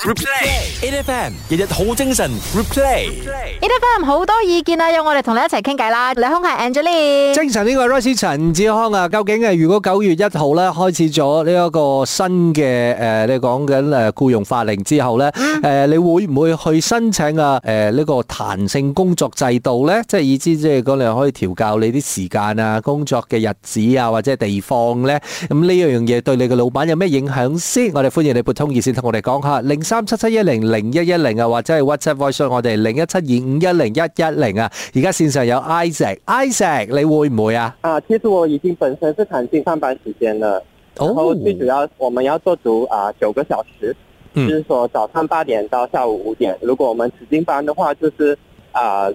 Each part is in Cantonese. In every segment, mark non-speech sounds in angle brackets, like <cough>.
Replay e f m 日日好精神。Replay e f m 好多意見啊，要我哋同你一齊傾偈啦。李康係 Angelina 精神呢個 Rice 陳志康啊，究竟啊，如果九月一號咧開始咗呢一個新嘅誒、呃，你講緊誒雇傭法令之後咧，誒、嗯呃、你會唔會去申請啊？誒、呃、呢、這個彈性工作制度咧，即係意思，即係講你可以調教你啲時間啊，工作嘅日子啊，或者地方咧，咁呢樣嘢對你嘅老闆有咩影響先？我哋歡迎你撥通熱線同我哋講下。另三七七一零零一一零啊，或者係 WhatsApp voice，我哋零一七二五一零一一零啊。而家線上有 Isaac，Isaac Isaac，你會唔會啊？啊，其實我已經本身是彈性上班時間啦、oh.，然後最主要我們要做足啊九個小時，就是說早上八點到下午五點。如果我們指定班的話，就是啊。呃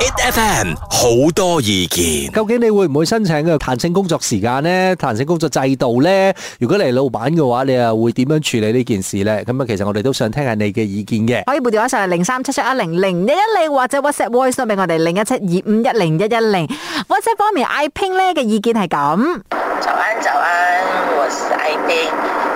it FM 好多意見，究竟你會唔會申請嘅彈性工作時間呢？彈性工作制度呢？如果你係老闆嘅話，你又會點樣處理呢件事呢？咁啊，其實我哋都想聽下你嘅意見嘅。可以撥電話上嚟零三七七一零零一一零，或者 WhatsApp voice 都俾我哋零一七二五一零一一零。WhatsApp 方面，I Pink 呢嘅意見係咁。早安，早安，我 a t s a p p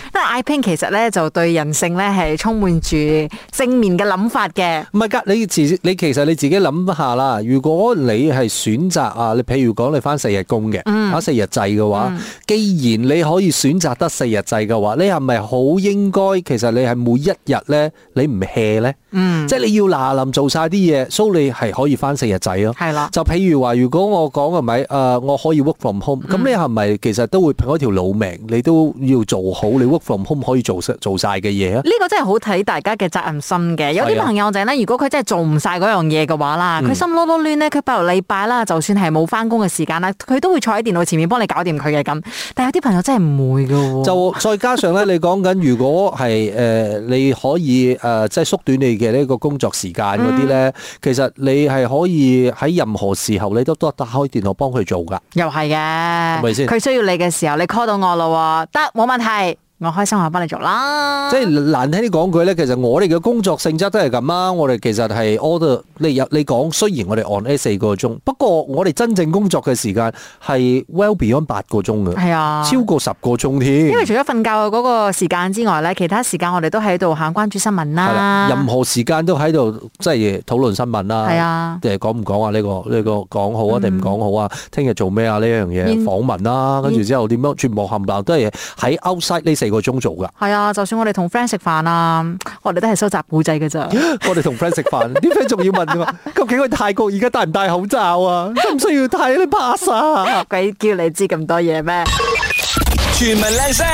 I Pink 其實咧就對人性咧係充滿住正面嘅諗法嘅。唔係噶，你自你其實你自己諗下啦。如果你係選擇啊，你譬如講你翻四日工嘅，嗯，翻四日制嘅話，嗯，既然你可以選擇得四日制嘅話，你係咪好應該？其實你係每一日咧，你唔 hea 咧，即係你要嗱臨做晒啲嘢，所以你係可以翻四日制咯。係啦，就譬如話如果我講係咪？誒，呃，我可以 work from home，咁，嗯，你係咪其實都會拼一條老命？你都要做好你 work。From home 可唔可以做晒做晒嘅嘢啊？呢個真係好睇大家嘅責任心嘅。有啲朋友就係咧，啊、如果佢真係做唔晒嗰樣嘢嘅話啦，佢、嗯、心囉囉攣咧，佢不如禮拜啦，就算係冇返工嘅時間啦，佢都會坐喺電腦前面幫你搞掂佢嘅咁。但係有啲朋友真係唔會噶、哦。就再加上咧， <laughs> 你講緊如果係誒、呃，你可以誒、呃，即係縮短你嘅呢個工作時間嗰啲咧，嗯、其實你係可以喺任何時候你都得打開電腦幫佢做噶。又係嘅，係咪先？佢需要你嘅時候，你 call 到我咯，得冇問題。我開心，我幫你做啦。即係難聽啲講句咧，其實我哋嘅工作性質都係咁啊！我哋其實係 order 你你講，雖然我哋 on 四個鐘，不過我哋真正工作嘅時間係 well beyond 八個鐘嘅，係啊，超過十個鐘添。因為除咗瞓覺嗰個時間之外咧，其他時間我哋都喺度行關注新聞啦、係啊。任何時間都喺度即係討論新聞啦。係啊，誒、啊、講唔講啊？呢、呢個呢、呢個講好啊定唔講好、呢個嗯、啊？聽日做咩啊？呢樣嘢訪問啦，跟住之後點樣全部冚唪唥都係喺 outside 呢四。個鐘做噶，係啊！就算我哋同 friend 食飯啊，我哋都係收集古仔嘅咋。我哋同 friend 食飯，點解仲要問啊！究竟去泰國而家戴唔戴口罩啊？咁需要睇 pass 啊？鬼叫你知咁多嘢咩？全民靚聲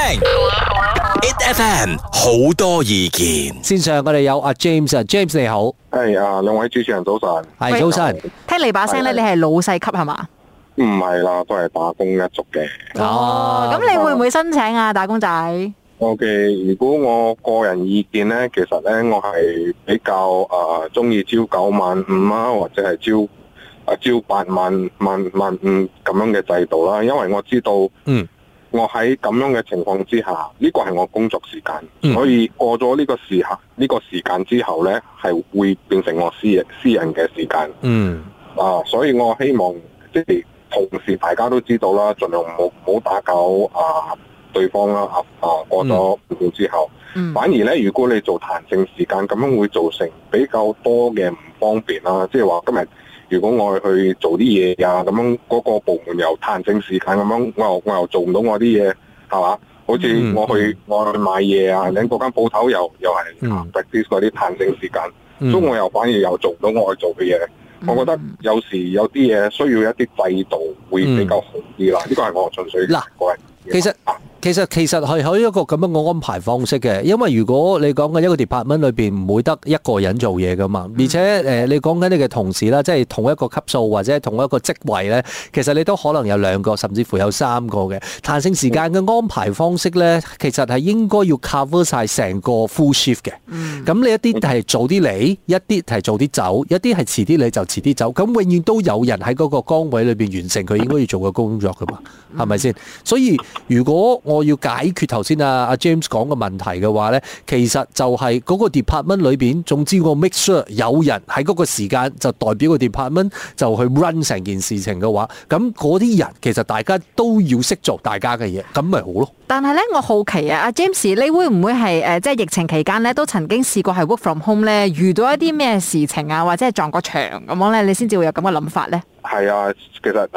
，988 FM 好多意見。先上我哋有阿 James，James 啊 James, James，你好，係啊！兩位主持人早晨，係、hey, 早晨。聽你把聲咧，hey, hey. 你係老細級係嘛？是唔係啦，都係打工一族嘅。哦、啊，咁、啊、你會唔會申請啊，啊？打工仔。O、okay, K，如果我個人意見呢，其實呢，我係比較誒中意朝九晚五啊，或者係朝八晚晚，晚五咁樣嘅制度啦。因為我知道我，嗯，我喺咁樣嘅情況之下，呢個係我工作時間，嗯，所以過咗呢個，這個時間呢個時間之後呢，係會變成我私私人嘅時間。嗯，啊，所以我希望即係。同時大家都知道啦，盡量唔好打攪啊，對方啦啊啊，過咗股之後，反而咧，如果你做彈性時間咁樣會造成比較多嘅唔方便啦。即係話今日如果我去做啲嘢啊，咁樣嗰個部門又彈性時間咁樣，我又我又做唔到我啲嘢，係嘛？好似我去我去買嘢啊，你嗰間鋪頭又又係 practice 嗰啲彈性時間，所以我又反而又做唔到我去做嘅嘢。我覺得有時有啲嘢需要一啲制度會比較好啲啦，呢個係我純粹水。嗱，其實。其實其實係有一個咁樣嘅安排方式嘅，因為如果你講嘅一個 department 裏邊唔會得一個人做嘢噶嘛，而且誒你講緊你嘅同事啦，即係同一個級數或者同一個職位咧，其實你都可能有兩個甚至乎有三個嘅彈性時間嘅安排方式咧，其實係應該要 cover 晒成個 full shift 嘅。嗯。咁你一啲係早啲嚟，一啲係早啲走，一啲係遲啲你就遲啲走，咁永遠都有人喺嗰個崗位裏邊完成佢應該要做嘅工作噶嘛，係咪先？所以如果我要解決頭先啊，阿 James 講嘅問題嘅話呢，其實就係嗰個 department 裏邊。總之我 make sure 有人喺嗰個時間就代表個 department 就去 run 成件事情嘅話，咁嗰啲人其實大家都要識做大家嘅嘢，咁咪好咯。但係呢，我好奇啊，阿 James，你會唔會係誒，即係疫情期間呢，都曾經試過係 work from home 呢，遇到一啲咩事情啊，或者係撞個牆咁樣呢？你先至會有咁嘅諗法呢？係啊，其實啊，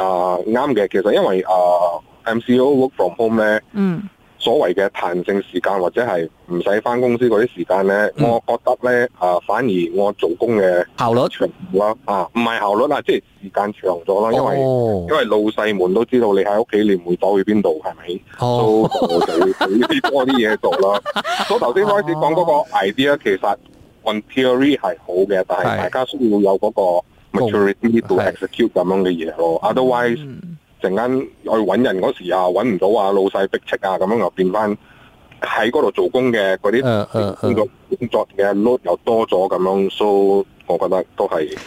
啱、呃、嘅，其實因為啊。呃咁 MCO work from home 咧、嗯，所謂嘅彈性時間或者係唔使返公司嗰啲時間咧、嗯，我覺得咧啊、呃，反而我做工嘅效率長咗啊，唔係效率啦，即係時間長咗啦、哦，因為因為老細們都知道你喺屋企，你唔會躲去邊度，係咪、哦？所以我就會俾多啲嘢做啦。我頭先開始講嗰個 idea、啊、其實 on theory 係好嘅，但係大家需要有嗰個 maturity 去、哦、execute 咁樣嘅嘢咯，otherwise、嗯。陣間去搵人嗰時啊，搵唔到啊，老細逼斥啊，咁樣又變翻喺嗰度做工嘅嗰啲工作的工作嘅又多咗咁樣，uh, uh, uh, 所以我覺得都係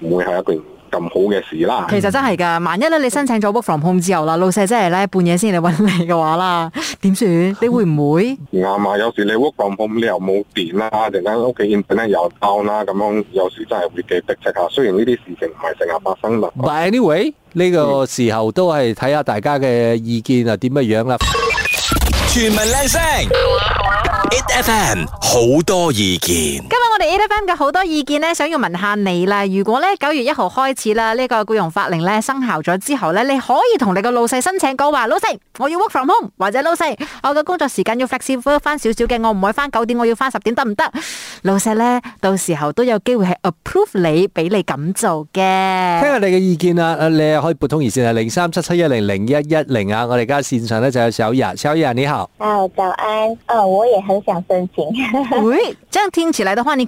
唔會係一件咁好嘅事啦。其實真係噶，萬一咧你申請咗 work from home 之後啦，老細真係咧半夜先嚟搵你嘅話啦，點算？你會唔會？啱啊，有時你 work from home 你又冇電啦，陣間屋企 internet 又爆啦，咁樣有時真係會幾逼斥下。雖然呢啲事情唔係成日發生啦，but a、anyway, 呢、這個時候都係睇下大家嘅意見係點樣樣啦！全民靚聲，8FM 好多意見。我哋 8FM 嘅好多意見咧，想要問下你啦。如果咧九月一號開始啦，呢、這個雇傭法令咧生效咗之後咧，你可以同你個老細申請講話，老細我要 work from home，或者老細我嘅工作時間要 flexible 翻少少嘅，我唔可以翻九點，我要翻十點得唔得？老細咧，到時候都有機會係 approve 你，俾你咁做嘅。聽下你嘅意見啊！誒，你可以撥通熱線係零三七七一零零一一零啊。-7 -7 -1 -0 -0 -1 -0, 我哋而家線上咧就有小雅，小雅你好。啊、哦，早安。啊、哦，我也很想申請。喂、 <laughs> 哎，這樣聽起來嘅話，你？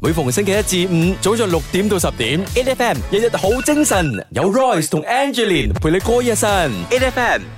每逢星期一至五，早上六點到十點，AFM 日日好精神，有 Royce 同 Angeline 陪你過一晨，AFM。天天天天天天天天